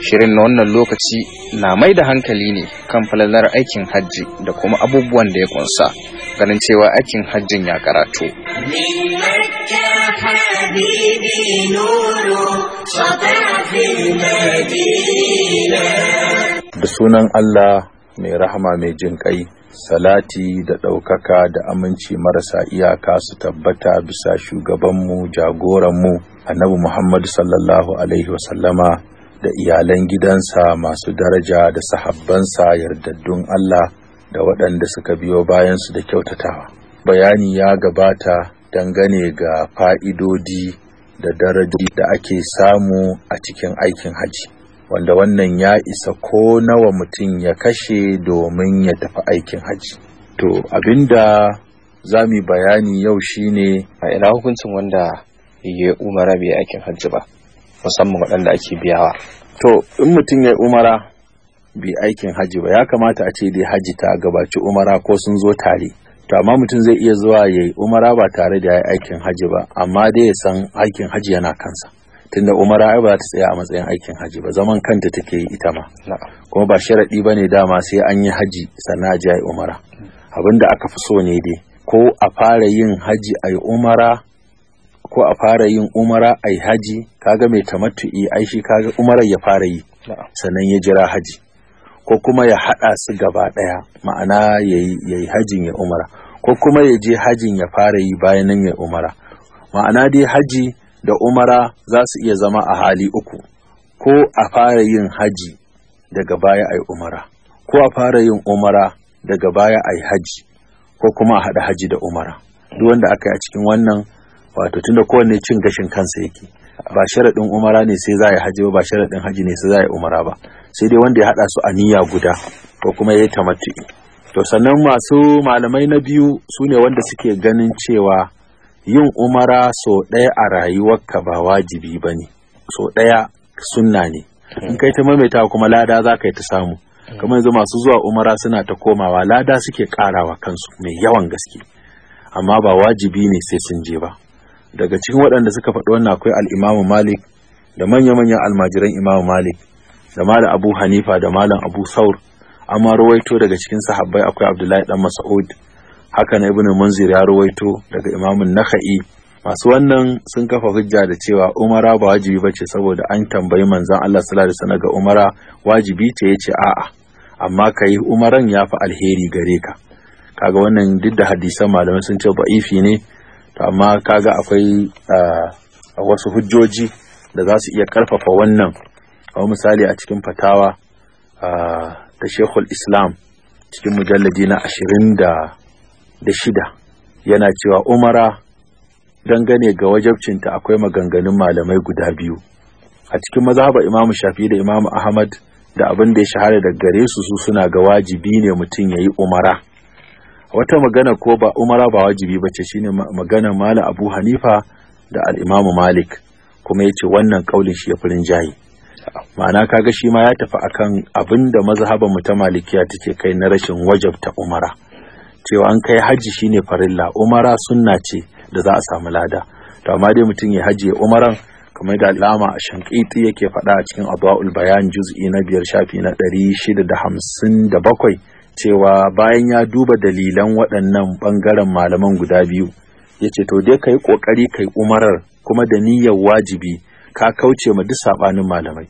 Shirin na wannan lokaci na mai da hankali ne kan falalar aikin hajji da kuma abubuwan da ya kunsa ganin cewa aikin hajjin ya karatu. Da sunan Allah mai rahama mai jin kai salati da ɗaukaka da aminci marasa iyaka su tabbata bisa shugabanmu jagoranmu annabi Muhammad sallallahu alaihi wasallama da iyalan gidansa masu daraja da sahabbansa yardaddun Allah da waɗanda suka biyo bayansu da kyautatawa. Bayani ya gabata dangane ga fa'idodi da darajoji da ake samu a cikin aikin haji, wanda wannan ya isa ko nawa mutum ya kashe domin ya tafi aikin haji. To abinda za mu bayani yau shine a ina hukuncin wanda ya umara bai aikin hajji ba musamman waɗanda ake biyawa to in mutum ya umara bai aikin hajji ba ya kamata a ce dai hajji ta gabaci umara ko sun zo tare to amma mutum zai iya zuwa ya yi umara ba tare da ya yi aikin hajji ba amma dai ya san aikin hajji yana kansa tunda umara ai ba ta tsaya a matsayin aikin hajji ba zaman kanta take yi ita ma kuma ba sharaɗi ba ne dama sai an yi hajji sannan a ji umara abinda aka fi so ne dai ko a fara yin haji a yi umara ko a fara yin umara a yi haji kaga mai tamattu'i ai shi kaga umarar ya fara yi sannan ya jira haji ko kuma ya haɗa su gaba ɗaya ma'ana ya yi hajin ya umara ko kuma ya je hajin ya fara yi bayan nan ya umara ma'ana dai haji da umara za su iya zama a hali uku ko a fara yin haji daga baya a umara ko a fara yin umara daga baya yi haji ko kuma a haɗa haji da umara duk wanda aka yi a cikin wannan wato tunda kowanne cin gashin kansa yake ba sharaɗin umara ne sai za a yi haji ba ba sharaɗin haji ne sai za a yi umara ba sai dai wanda ya haɗa su a niyya guda ko kuma ya yi tamattu'i to sannan masu malamai na biyu su ne wanda suke ganin cewa yin umara so ɗaya a rayuwarka ba wajibi ba ne so ɗaya sunna ne in kai ta maimaita kuma lada za ka yi ta samu kamar yanzu masu zuwa umara suna ta komawa lada suke karawa kansu mai yawan gaske amma ba wajibi ne sai sun je ba daga cikin waɗanda suka faɗi wannan akwai al-Imam malik da manya-manyan almajiran imam malik da malam abu hanifa da malam abu saur amma rawaito daga cikin sahabbai akwai abdullahi dan mas'ud haka na Ibn munzir ya rawaito daga imamin Nakhai masu wannan sun kafa hujja da cewa umara ba wajibi bace saboda an tambayi manzon Allah sallallahu alaihi wasallam ga umara wajibi ce yace a'a amma kai umaran ya yafi alheri gare ka kaga wannan duk da hadisan malamai sun ce ba'ifi ne to amma kaga akwai ah, wasu hujjoji da za su iya karfafa wannan a misali a cikin fatawa ah, ta shekul islam cikin mujalladi na ashirin da shida yana cewa umara dangane ga wajabcinta akwai maganganun malamai guda biyu a cikin mazhaba imamu shafi da imamu ahmad da abin da ya shahara da gare su su suna ga wajibi ne mutum ya yi umara wata magana ko ba umara ba wajibi bace shine magana mala abu hanifa da al'imamu malik kuma ya ce wannan kaulin shi ya furin rinjaye. ma'ana kaga shi ma ya tafi akan abin da mazhaban mu ta malikiya take kai na rashin wajabta umara cewa an kai haji shine farilla umara sunna ce da za a samu lada to amma dai mutum ya haji umaran kamar da alama a shanqiti yake faɗa a cikin abwaul bayan juz'i na biyar shafi na ɗari cewa bayan ya duba dalilan waɗannan ɓangaren malaman guda biyu ya ce to dai ka yi ƙoƙari ka yi umarar kuma da niyyar wajibi ka kauce ma duk saɓanin malamai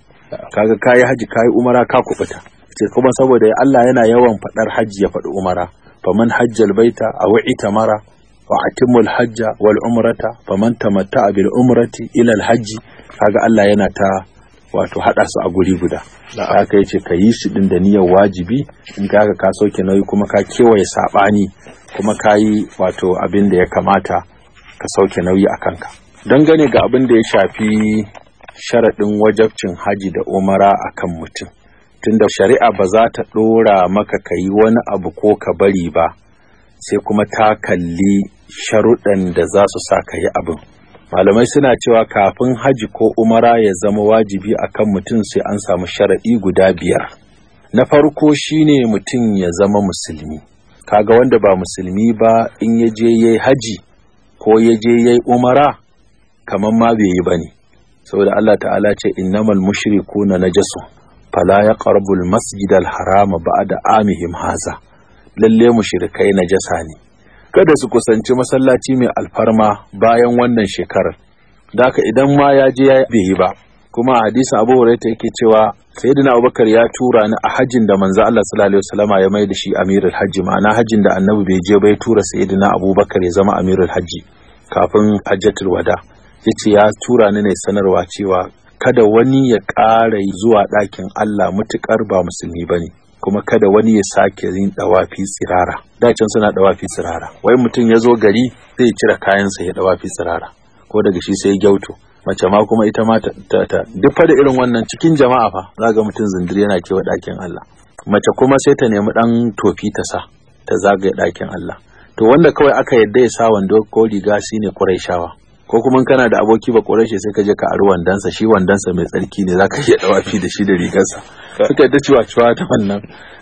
kaga ka yi haji ka yi umara ka kuɓuta ce kuma saboda Allah yana yawan faɗar haji ya faɗi umara faman hajjal baita a wa'ita mara wa atimul hajja wal umrata faman tamatta bil umrati ila al hajji kaga Allah yana ta wato haɗa su a guri guda haka yace ka yi shi din da niyyar wajibi in ka ka soke nauyi kuma ka kewaye saɓani kuma ka yi wato abin da ya kamata ka sauke nauyi a kanka don gane ga abin da ya shafi sharaɗin wajabcin haji da umara a kan mutum tunda shari'a ba za ta ɗora maka ka yi wani abu ko ka bari ba sai kuma ta kalli sharuɗan da za su sa ka yi abin malamai suna cewa kafin haji ko umara ya zama wajibi akan mutum sai an samu shara'i guda biyar na farko shine mutum ya zama musulmi kaga wanda ba musulmi ba in ya je yayi haji ko ya je yayi umara kamar ma bai yi bane saboda Allah ta'ala ce innamal mushrikuna najasu fala ya qarbul masjidal harama ba'da amihim haza lalle mushrikai najasa ne kada su kusanci masallaci mai alfarma bayan wannan shekarar daka idan ma ya je ya bai ba kuma a hadisin Abu Hurairah yake cewa Sayyidina Abubakar ya tura ni a hajjin da manzo Allah sallallahu alaihi wasallama ya da shi amirul hajji ma'ana hajjin da annabi bai je bai tura Sayyidina Abubakar ya zama amirul hajji kafin hajjatul wada yace ya tura ni ne sanarwa cewa kada wani ya ƙara zuwa ɗakin Allah mutukar ba musulmi bane kuma kada wani ya sake yin dawafi tsirara can suna dawafi tsirara wai mutum ya zo gari zai cire kayansa ya dawafi tsirara ko daga shi sai gyauto mace ma kuma ita ma ta duk fa da irin wannan cikin jama'a fa za ga mutum zindiri yana kewa ɗakin Allah mace kuma sai ta nemi ɗan tofi ta sa ta zagaya ɗakin Allah to wanda kawai aka yadda ya sa wando ko riga shine Qurayshawa ko kuma kana da aboki ba ƙorashe sai ka je ka ari wandansa shi wandansa mai tsarki ne zaka iya dawafi da shi da rigarsa suka yi ta ciwa ciwa ta wannan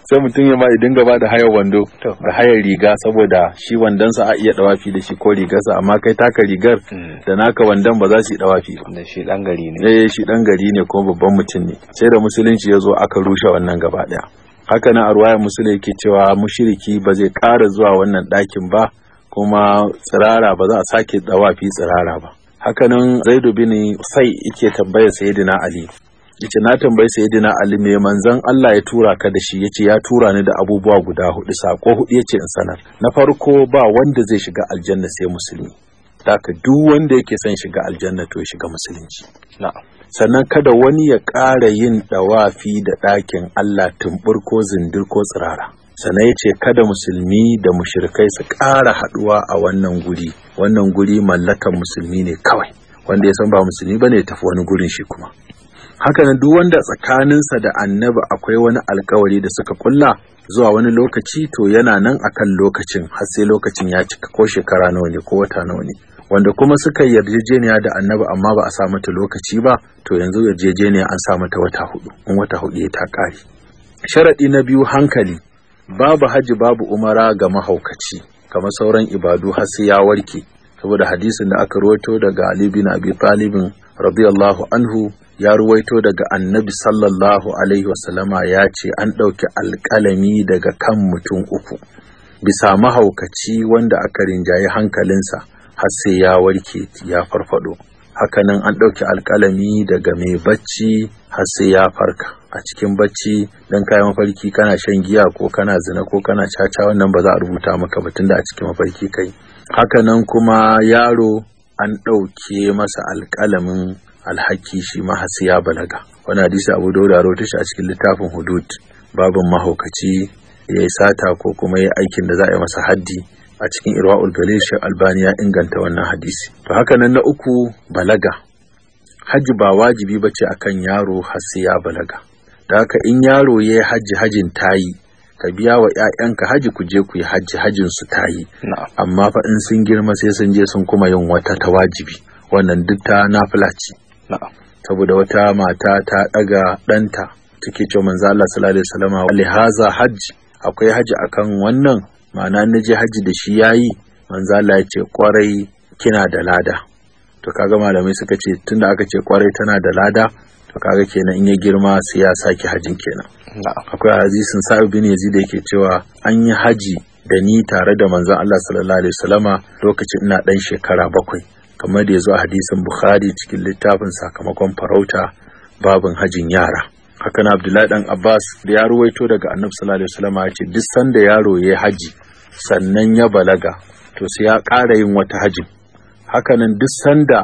sai mutum ya ma idan dinga ba da hayar wando da hayar riga saboda shi wandansa a iya dawafi da shi ko rigarsa amma kai taka rigar hmm. da naka wandan ba za su yi dawafi ba shi dan gari ne eh shi dan gari ne ko babban mutum ne sai da musulunci ya zo aka rushe wannan gaba daya haka nan arwaya musulai yake cewa mushiriki ba zai kara zuwa wannan dakin ba kuma tsirara ba za a sake dawafi tsirara ba hakanan zaidu bin sai yake tambaya sayyidina ali yace na tambayi sayyidina ali me manzon Allah ya tura ka da shi yace ya tura ni da abubuwa guda hudu sako hudu yace in sanar na farko ba wanda zai shiga aljanna sai musulmi taka duk wanda yake son shiga aljanna to ya shiga musulunci sannan kada wani ya ƙara yin dawafi da ɗakin Allah tumbur ko zindir ko tsirara Sana ya ce kada musulmi da mushrikai su ƙara haɗuwa a wannan guri wannan guri mallakan musulmi ne kawai wanda ya san ba musulmi ba ne tafi wani gurin shi kuma Haka nan duk wanda tsakaninsa da annabi akwai wani alkawari da suka kulla zuwa wani lokaci to yana nan akan lokacin har sai lokacin ya cika ko shekara nawa ne ko wata nawa ne wanda kuma suka yarjejeniya da annabi amma ba a sa mata lokaci ba to yanzu yarjejeniya an sa mata wata hudu in wata hudu ya ta kare sharadi na biyu hankali babu haji babu umara ga mahaukaci kamar sauran ibadu har sai ya warke saboda hadisin da aka ruwaito daga Ali bin Abi Talib radiyallahu anhu ya ruwaito daga Annabi sallallahu alaihi wasallama ya ce an ɗauki alƙalami daga kan mutum uku bisa mahaukaci wanda aka rinjaye hankalinsa har sai ya warke ya farfado hakanan an ɗauki alƙalami daga mai bacci har sai ya farka a cikin bacci don kayan mafarki kana shan giya ko kana zina ko kana caca wannan ba za a rubuta maka ba tunda a cikin mafarki kai hakanan kuma yaro an ɗauke masa alƙalamin alhaki shi ma har sai ya balaga wani hadisi abu dauda rawaito shi a cikin littafin hudud babin mahaukaci yayi sata ko kuma ya aikin da za a yi masa haddi a cikin irwa'ul galil shi albani ya inganta wannan hadisi to haka nan na uku balaga hajji ba wajibi ba ce akan yaro har sai ya balaga da haka in yaro ya yi hajji hajjin tayi ka biya wa 'ya'yanka haji ku je ku yi hajji hajjin su tayi amma fa in sun girma sai sun je sun kuma yin wata ta wajibi wannan duk ta nafila ce saboda wata mata ta daga ɗanta take ce manzo Allah sallallahu alaihi wasallama lihaza hajji akwai haji akan wannan ma'ana na je hajji da shi yayi yi, Manzala ya ce kwarai kina da lada to kaga malamai suka ce tunda aka ce kwarai tana da lada to kaga kenan in ya girma sai ya saki hajin kenan akwai hadisin sa'ib bin yazid da yake cewa an yi haji da ni tare da manzon Allah sallallahu alaihi wasallama lokacin ina dan shekara bakwai kamar da ya zo a hadisin bukhari cikin littafin sakamakon farauta babin hajin yara hakan abdullahi dan abbas da ya ruwaito daga annabi sallallahu alaihi wasallama ya ce duk sanda yaro ya haji sannan ya balaga to sai ya ƙara yin wata haji hakanan duk sanda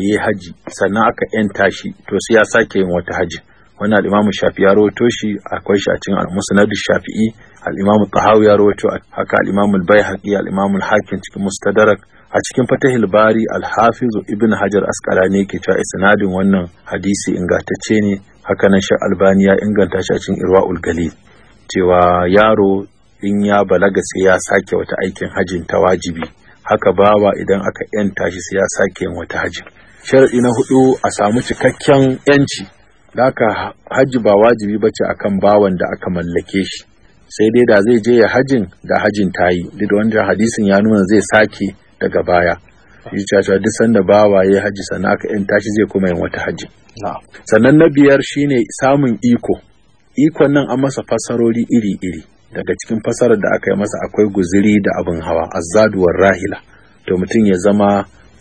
ye haji sannan aka yanta shi to sai ya sake yin wata haji. wannan al'imamu shafi ya rawato shi akwai shi a cikin al-musnad shafi'i al-imamu tahawi ya rawato haka al-imamu al-baihaqi al-imamu al-hakim cikin mustadrak a cikin fatahil bari al-hafiz ibn hajar asqalani ke cewa isnadin wannan hadisi ingantacce ne haka nan albani ya inganta shi a cikin irwaul galil cewa yaro in ya balaga sai ya sake wata aikin hajin ta wajibi haka bawa idan aka yanta shi sai ya sake yin wata hajin sharadi na hudu a samu cikakken yanci haka haji ba wajibi bace akan bawan da aka mallake shi sai dai da zai je ya hajin da hajin ta yi duk wanda hadisin ya nuna zai sake daga baya yi cewa duk sanda bawa ya haji sannan aka yanta shi zai kuma yin wata haji sannan na biyar shine samun iko ikon nan an masa fassarori iri-iri daga cikin fasarar da aka yi masa akwai guziri da abin hawa azzaduwar rahila to mutum ya zama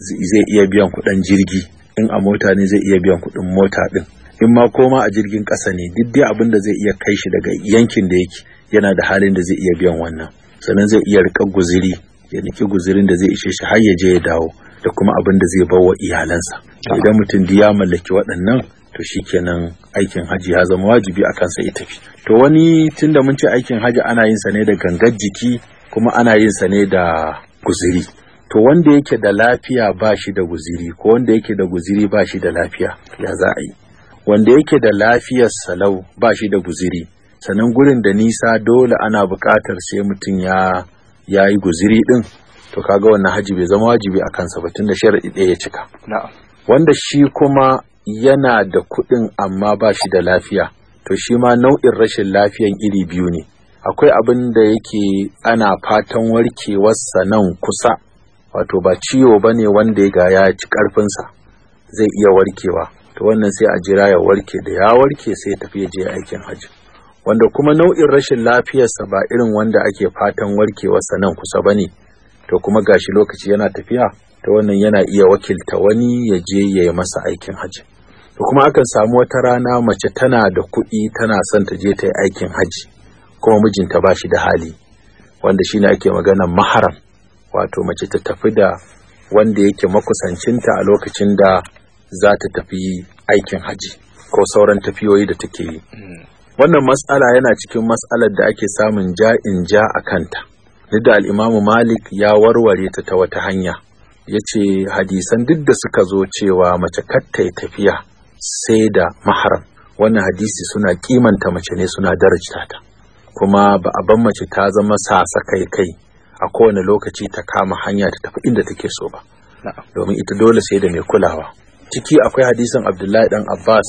zai iya biyan kuɗin jirgi in a mota ne zai iya biyan kuɗin mota ɗin in ma koma a jirgin ƙasa ne duk dai abin da zai iya kai shi daga yankin da yake yana da halin da zai iya biyan wannan sannan zai iya rika guziri ya niki guzirin da zai ishe shi har ya je ya dawo da kuma abin da zai bawa iyalansa idan mutum ya mallaki waɗannan to kenan aikin haji ya zama wajibi a kansa ya tafi to wani tunda mun ce aikin haji ana yin sa ne da gangar jiki kuma ana yin sa ne da guziri to wanda yake da lafiya ba shi da guziri ko wanda yake da guziri ba shi da lafiya ya za a yi wanda yake da lafiyar salau ba shi da guziri sannan gurin da nisa dole ana buƙatar sai mutum ya ya yi guziri ɗin to kaga wannan haji bai zama wajibi a kansa ba tunda sharaɗi ɗaya ya cika wanda shi kuma yana da kuɗin amma ba shi da lafiya to shi ma nau'in rashin lafiyan iri biyu ne akwai abin da yake ana fatan warkewarsa nan kusa wato ba ciwo ba ne wanda ya ga ya ci ƙarfinsa zai iya warkewa to wannan sai a jira ya warke da ya warke sai tafi je aikin hajji wanda kuma nau'in rashin lafiyarsa ba irin wanda ake fatan warkewarsa nan kusa ba ne to kuma gashi lokaci yana tafiya ta wannan yana iya wakilta wani ya je ya yi masa aikin hajji da kuma akan samu wata rana mace tana da kuɗi tana son ta je ta yi aikin hajji kuma mijinta ba shi da hali wanda shine ake magana maharam wato mace ta tafi da wanda yake makusancinta a lokacin da za ta tafi aikin hajji ko sauran tafiyoyi da take yi hmm. wannan matsala yana cikin matsalar da ake samun ja'in ja a kanta duk al'imamu malik ya warware ta ta wata hanya ya ce hadisan duk da suka zo cewa mace katta ya tafiya sai da maharam wannan hadisi suna kimanta mace ne suna darajta ta kuma ba a ban mace ta zama sasa kai kai a kowane lokaci ta kama hanya ta tafi inda take so ba domin ita dole sai da mai kulawa ciki akwai hadisin abdullahi dan abbas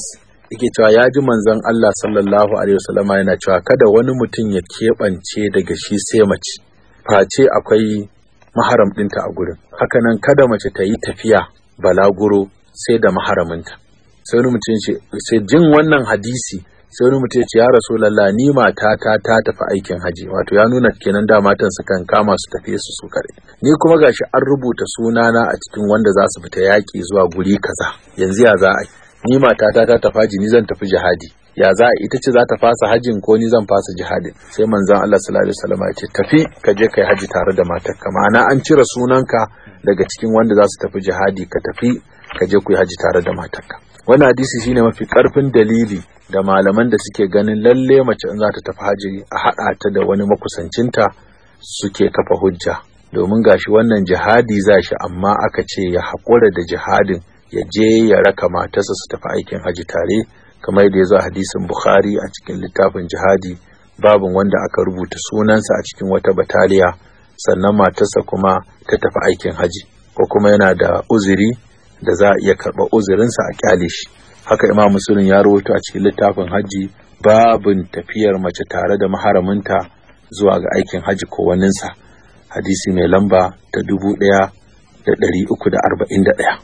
yake cewa ya ji manzon allah sallallahu alaihi yana cewa kada wani mutum ya keɓance daga shi sai mace face akwai maharam ɗinta a gurin hakanan kada mace ta yi tafiya balaguro sai da maharaminta sai wani mutum ce sai jin wannan hadisi sai wani mutum ce ya rasulallah ni mata ta ta tafi aikin haji wato ya nuna kenan da matan su kan kama su tafi su su kare ni kuma gashi an rubuta sunana a cikin wanda za su fita yaƙi zuwa guri kaza yanzu ya za a ni mata ta ta tafi ni zan tafi jihadi ya za ita ce za ta fasa hajjin ko ni zan fasa jihadi? sai manzon Allah sallallahu alaihi wasallam ya ce tafi ka je kai haji tare da matarka ma'ana an cire sunanka daga cikin wanda za su tafi jihadi ka tafi ka je ku yi haji tare da matarka wannan hadisi shine mafi karfin dalili da malaman da suke ganin lalle mace in za ta tafi haji a haɗa ta da wani makusancinta suke kafa hujja domin gashi wannan jihadi za shi amma aka ce ya haƙura da jihadin ya je ya raka matarsa su tafi aikin haji tare kamar yadda ya zo a hadisin bukhari a cikin littafin jihadi babin wanda aka rubuta sunansa a cikin wata bataliya sannan matarsa kuma ta tafi aikin haji ko kuma yana da uzuri da za a iya karɓa uzurinsa a kyale shi haka imam musulun ya rubuta a cikin littafin haji babin tafiyar mace tare da maharaminta zuwa ga aikin haji ko waninsa hadisi mai lamba ta dubu ɗaya da ɗari uku da arba'in da ɗaya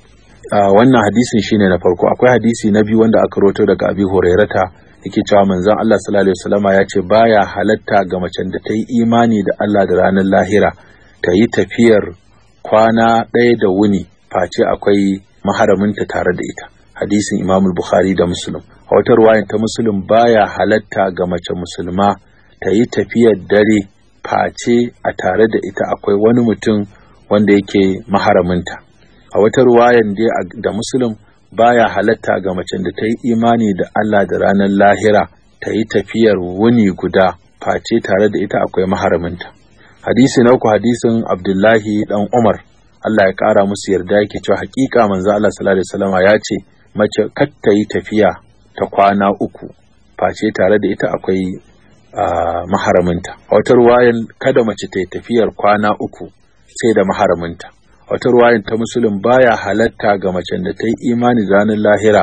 wannan hadisin shine na farko akwai hadisi na biyu wanda aka roto daga abi hurairata yake cewa manzon Allah sallallahu alaihi wasallama ya ce baya halatta ga macen da ta yi imani da Allah da ranar lahira ta yi tafiyar kwana ɗaya da wuni face akwai maharaminta tare da ita hadisin Imam Bukhari da Muslim a wata ruwayan ta Muslim baya halatta ga mace musulma ta yi tafiyar dare face a tare da ita akwai wani mutum wanda yake maharaminta a wata ruwayan dai da musulun baya halatta ga macen da ta yi imani da Allah da ranar lahira ta yi tafiyar wuni guda face tare da ita akwai maharaminta hadisi na uku hadisin abdullahi dan umar Allah ya kara musu yarda yake cewa hakika manzo Allah sallallahu alaihi wasallam ya ce mace kat ta yi tafiya ta kwana uku face tare da ita akwai maharaminta a wata ruwayan kada mace ta yi tafiyar kwana uku sai da maharaminta wata ruwayin ta musulun baya halatta ga macen da ta yi imani ranar lahira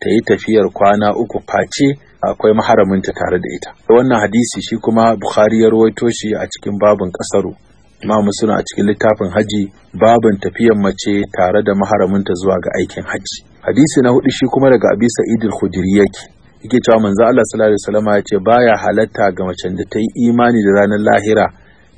ta yi tafiyar kwana uku face akwai maharaminta tare da ita wannan hadisi shi kuma bukhari ya rawaito shi a cikin babin kasaru ma musulun a cikin littafin haji babin tafiyar mace tare da maharaminta zuwa ga aikin haji hadisi na hudu shi kuma daga abi sa'id al-khudri yake yake cewa manzo Allah sallallahu alaihi wasallam ya ce baya halatta ga macen da ta yi imani da ranar lahira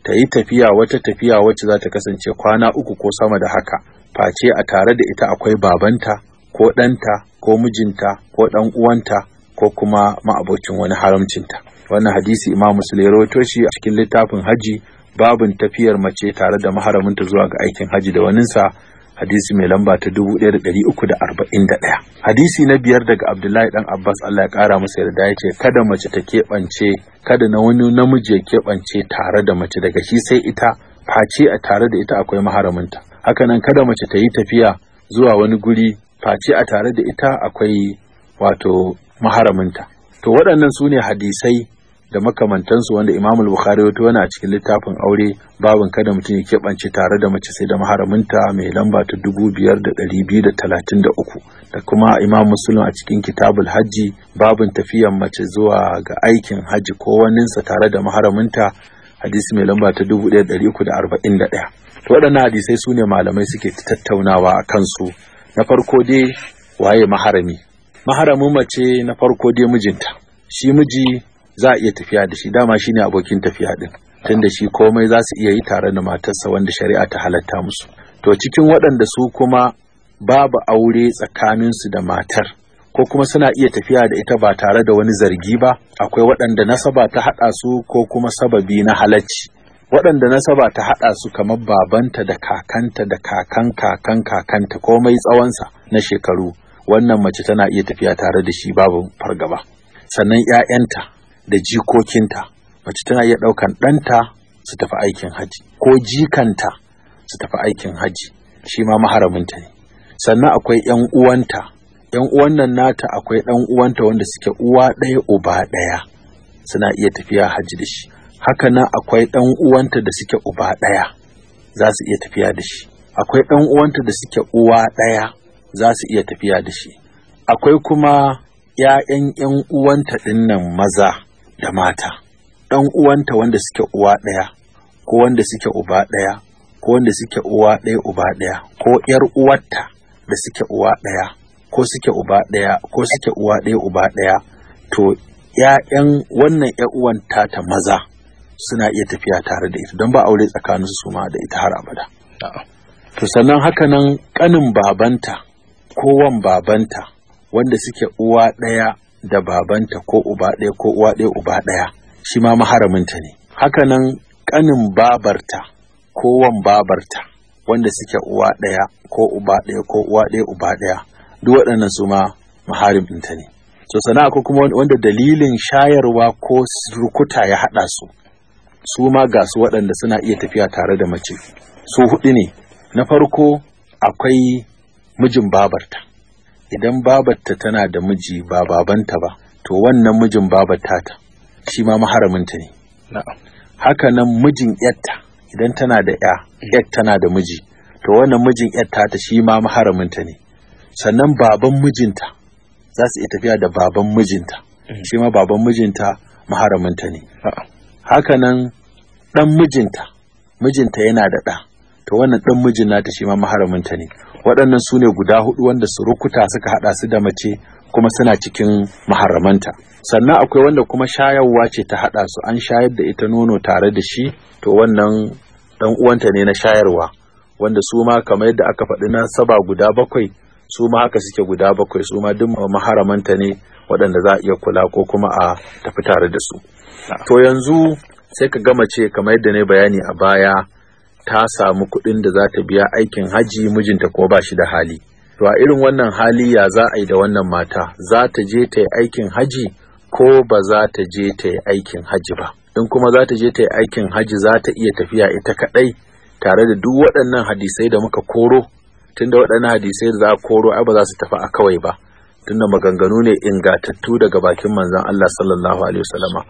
ta yi tafiya wata tafiya wacce za ta kasance kwana uku ko sama da haka face a tare da ita akwai babanta ko ɗanta ko mijinta ko ɗan uwanta ko kuma ma'abocin wani haramcinta wannan hadisi imam muslim rawaito shi a cikin littafin haji babin tafiyar mace tare da maharaminta zuwa ga aikin haji da waninsa hadisi mai lamba ta 1341 hadisi na biyar daga abdullahi dan abbas allah ya kara masa yarda ya ce kada mace ta keɓance kada na wani namiji ya keɓance tare da mace daga shi sai ita face a tare da ita akwai maharaminta hakanan kada mace ta yi tafiya zuwa wani guri face a tare da ita akwai wato maharaminta to waɗannan su ne hadisai da makamantansu wanda Imam Bukhari wato yana a cikin littafin aure babin kada mutum ya keɓance tare da mace sai da maharaminta mai lamba ta dubu biyar da ɗari biyu da talatin da uku da kuma Imam Muslim a cikin kitabul hajji babin tafiyan mace zuwa ga aikin hajji ko waninsa tare da maharaminta hadisi mai lamba ta dubu ɗaya ɗari uku da arba'in da ɗaya. To waɗannan hadisai su ne malamai suke tattaunawa a kansu na farko dai waye maharami maharamin mace na farko dai mijinta shi miji za a iya tafiya da shi dama shine abokin tafiya din tunda shi komai za su iya yi tare da matarsa wanda shari'a ta halatta musu to cikin waɗanda su kuma babu aure tsakaninsu da matar ko kuma suna iya tafiya da ita ba tare da wani zargi ba akwai waɗanda nasaba ta haɗa su ko kuma sababi na halacci waɗanda nasaba ta haɗa su kamar babanta da kakanta da kakan kakan kakanta komai tsawonsa na shekaru wannan mace tana iya tafiya tare da shi babu fargaba sannan 'ya'yanta da jikokinta mace tana iya ɗaukan ɗanta su tafi aikin haji ko jikanta su tafi aikin haji shi ma maharaminta ne sannan akwai yan uwanta yan uwan nan nata akwai ɗan uwanta wanda suke uwa ɗaya uba ɗaya suna iya tafiya haji da shi haka nan akwai ɗan uwanta da suke uba ɗaya za su iya tafiya da shi akwai ɗan uwanta da suke uwa ɗaya za su iya tafiya da shi akwai kuma ‘ya'yan ‘yan uwanta ɗin nan maza da mata ɗan uwanta wanda suke uwa ɗaya ko wanda suke uba ɗaya ko wanda suke uwa ɗaya uba ɗaya ko ‘yar uwarta da suke uwa ɗaya ko suke uba ɗaya ko suke uwa ɗaya uba ɗaya to ƴaƴan wannan ƴar uwan tata maza suna iya tafiya tare da ita don ba aure tsakanin su ma da ita har abada. To sannan haka nan kanin babanta kowan babanta wanda suke uwa ɗaya da babanta ko uba ɗaya ko uwa ɗaya uba ɗaya shi ma maharaminta ne hakanan ƙanin babarta ko wan babarta wanda suke uwa ɗaya ko uba ɗaya ko uwa ɗaya uba ɗaya duk waɗannan su ma maharaminta ne so sana'a ko kuma wanda dalilin shayarwa ko rukuta ya haɗa su su ma ga su waɗanda suna iya tafiya tare da mace su huɗu ne na farko akwai mijin babarta idan babarta tana da miji ba babanta ba to wannan mijin babarta ta shi ma maharaminta ne haka nan mijin yatta idan tana da ya yat tana da miji to wannan mijin yatta ta shi ma maharaminta ne sannan baban mijinta za su iya tafiya da baban mijinta mm. shi ma baban mijinta maharaminta ne haka nan dan mijinta mijinta yana da ɗa to wannan dan mijin nata shi ma maharaminta ne waɗannan su ne guda hudu wanda su rukuta suka hada su da mace kuma suna cikin maharamanta sannan akwai wanda kuma shayarwa ce ta hada su an shayar da ita nono tare da shi to wannan dan uwanta ne na shayarwa wanda su ma kamar yadda aka faɗi na saba guda bakwai su ma haka suke guda bakwai su ma duk maharamanta ne waɗanda za a iya kula ko kuma a tafi tare da su to yanzu sai ka gama ce kamar yadda ne bayani a baya ta samu kuɗin da za ta biya aikin haji mijinta ko ba shi da hali to a irin wannan hali ya za a yi da wannan mata za ta je ta yi aikin haji ko ba za ta je ta yi aikin haji ba in kuma za ta je ta yi aikin haji za ta iya tafiya ita kaɗai tare da duk waɗannan hadisai da muka koro tunda waɗannan hadisai da za a koro ai ba za su tafi a kawai ba tunda maganganu ne ingatattu daga bakin manzon Allah sallallahu alaihi wasallama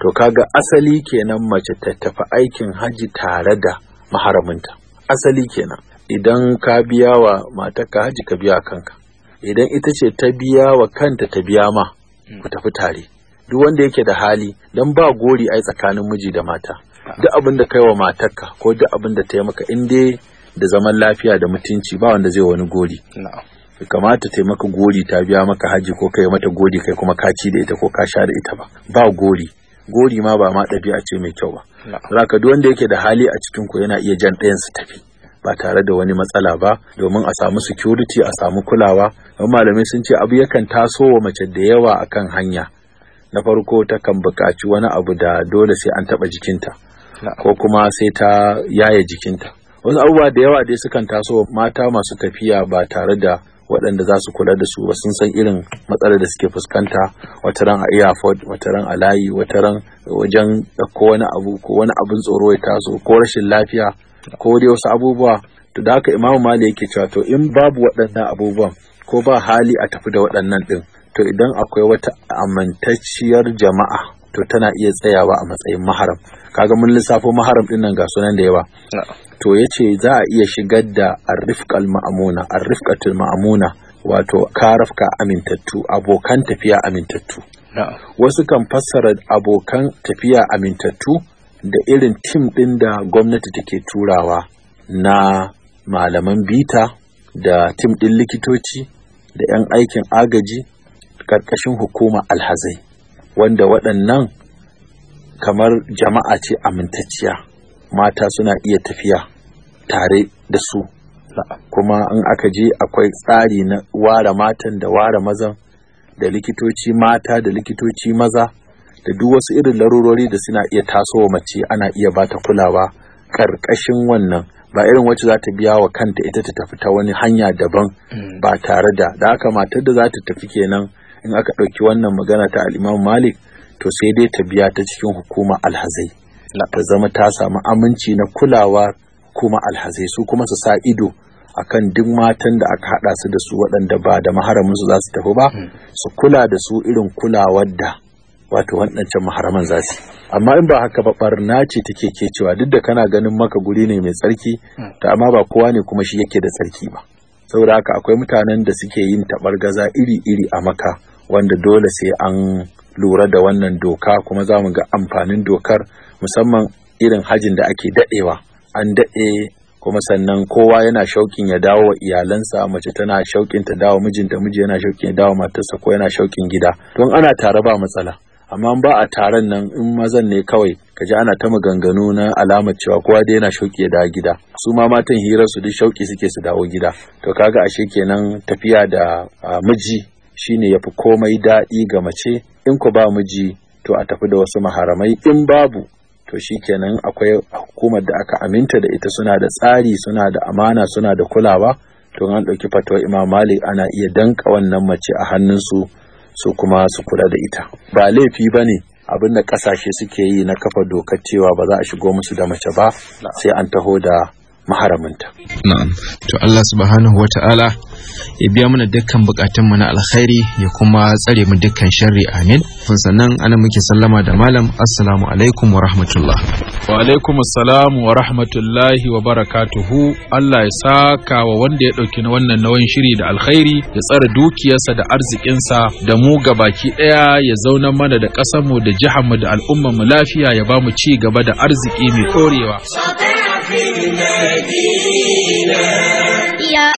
to kaga asali kenan mace ta tafi aikin haji tare da maharaminta asali kenan idan ka biya wa mata ka haji ka biya kanka idan ita ce ta biya wa kanta ta biya ma hmm. ku tafi tare duk wanda yake da hali dan ba gori ai tsakanin miji da mata duk abin da kai wa matarka ko duk abin da ta yi maka in da zaman lafiya da mutunci ba wanda zai wani gori kamata ta maka gori ta biya maka haji ko kai mata gori kai kuma ka ci da ita ko ka sha da ita ba ba gori gori ma ba ma ɗabi'a ce mai kyau ba zaka duk wanda yake da hali a cikin ku yana iya jan ɗayan su tafi ba tare da wani matsala ba domin a samu security a samu kulawa don malamai sun ce abu yakan taso wa mace da yawa akan hanya na farko takan buƙaci wani abu da dole sai an taɓa jikinta ko kuma sai ta yaye jikinta wasu abubuwa da yawa dai sukan taso mata masu tafiya ba tare da waɗanda za su kula da su ba sun san irin matsalar da suke fuskanta wata ran a airport wata ran a layi wata ran wajen ko wani abu ko wani abin tsoro ya taso ko rashin lafiya ko dai wasu abubuwa to da haka imamu mali yake cewa to in babu waɗannan abubuwan ko ba hali a tafi da waɗannan ɗin to idan akwai wata amintacciyar jama'a to tana iya tsayawa a matsayin maharam kaga mun lissafo maharam ɗin nan ga sunan da yawa to ya ce za a iya shigar da arrifkal ma'amuna arrifkatul ma'amuna wato karafka amintattu abokan tafiya amintattu wasu kan fassara abokan tafiya amintattu da irin tim ɗin da gwamnati take turawa na malaman bita da tim ɗin likitoci da 'yan aikin agaji ƙarƙashin hukuma alhazai wanda waɗannan kamar jama'a ce amintacciya mata suna iya tafiya tare da su kuma in aka je akwai tsari na ware matan da ware mazan da likitoci mata da likitoci maza da duk wasu irin larurori da suna iya tasowa mace ana iya bata kulawa ƙarƙashin wannan ba irin wacce za ta biya wa kanta ita ta tafi ta wani hanya daban mm. ba tare da da aka matar da za ta tafi kenan in aka ɗauki wannan magana ta al'imam malik to sai dai ta biya ta cikin hukuma alhazai ta zama ta samu aminci na kulawa kuma alhazai su kuma su sa ido akan duk matan da aka hada su da su waɗanda ba da maharamin su za su tafi ba hmm. su kula da su irin kulawar da wato waɗancan maharaman za su amma in ba haka ba barna ce take ke cewa duk da kana ganin maka guri ne mai tsarki hmm. ta amma ba kowa ne kuma shi yake da tsarki ba saboda haka akwai mutanen da suke yin gaza iri-iri a maka wanda dole sai an lura da wannan doka kuma za mu ga amfanin dokar musamman irin hajin da ake daɗewa an daɗe kuma sannan kowa yana shaukin ya dawo wa iyalansa mace tana shaukin ta dawo mijinta miji yana shaukin ya dawo matarsa ko yana shaukin gida don ana tare ba matsala amma ba a taron nan in mazan ne kawai ka ji ana ta maganganu na alamar cewa kowa da yana shauki ya dawo gida su ma matan hirar su duk shauki suke su dawo gida to kaga ashe kenan tafiya da miji shine yafi komai daɗi ga mace in ku ba miji to a tafi da wasu maharamai in babu to kenan akwai hukumar da aka aminta da ita suna da tsari suna da amana suna da kulawa to an ɗauki fatawar imam malik ana iya danka wannan mace a hannunsu su kuma su kula da ita ba laifi ba ne abinda ƙasashe suke yi na kafa dokar cewa ba za a shigo musu da mace ba sai an taho da maharaminta. Na'am. To Allah subhanahu wa ta'ala ya biya mana dukkan bukatun mu na alkhairi ya kuma tsare mu dukkan sharri amin. Kun sannan ana muke sallama da malam assalamu alaikum wa rahmatullah. Wa alaikum assalam wa rahmatullahi wa barakatuhu. Allah ya saka wa wanda ya dauki wannan nawan shiri da alkhairi ya tsare dukiyarsa da arzikinsa da mu gabaki daya ya zauna mana da kasar mu da jihar mu da al'umma mu lafiya ya ba mu ci gaba da arziki mai korewa. Happy Happy Happy